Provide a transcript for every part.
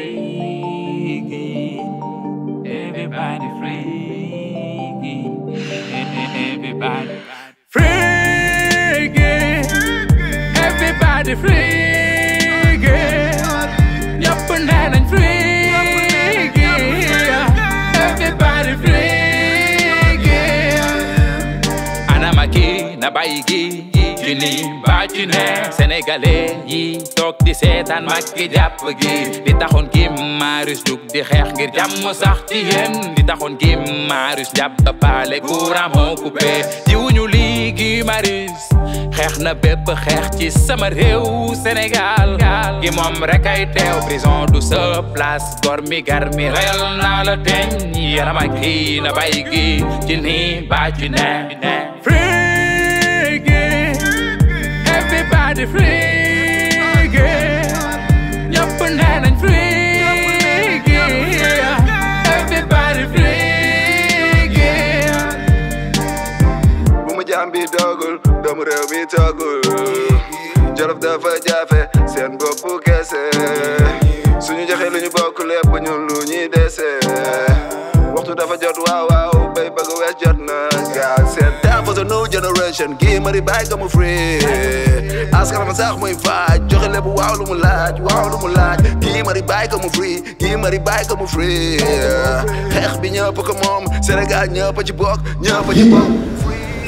Freaking, Everybody freaking, Everybody Freaking, Everybody freaky. Up and down and freaky. Everybody freaky. Anamaki na baigi. ci nii sénégalais yi Tok, di seetaan Macky jàpp kim Marus, duk Guy Marius di xeex ngir Marus, sax ci yéen li taxoon coupé Marus, na bépp xeex Sénégal gi moom rek prison douce place Gormi, garmi. gar na la teñ yaram doomu réew mi toogul jolof dafa jaafe seen bopp kese suñu joxe lu ñu bokk lépp ñun lu ñuy dese waxtu dafa jot waaw waaw bay bëgg wees jot na gaa seen time for the new generation gii mari bàyyi ko mu free askan ma sax muy faaj joxe lépp waaw lu mu laaj waaw lu mu laaj gii mari bàyyi ko free gii mari bàyyi ko free xeex bi ñëpp ko moom Sénégal ñëpp ci bokk ñëpp ci bokk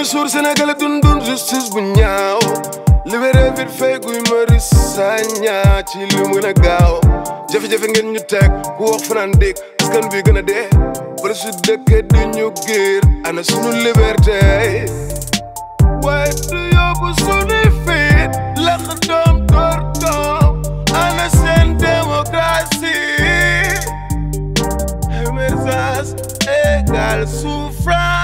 benn suur Sénégal dun dun justice bu ñaaw libéré vite fait guy Marius Sagna ci li mu gën a Jeffy jafe-jafe ngeen ñu teg ku wax fanaan dégg askan bi gën a dee bari su dëkkee di ñu giir ana suñu liberté waaye du yóbbu suñuy fiit lax doom door doom ana seen démocratie émergence égale souffrance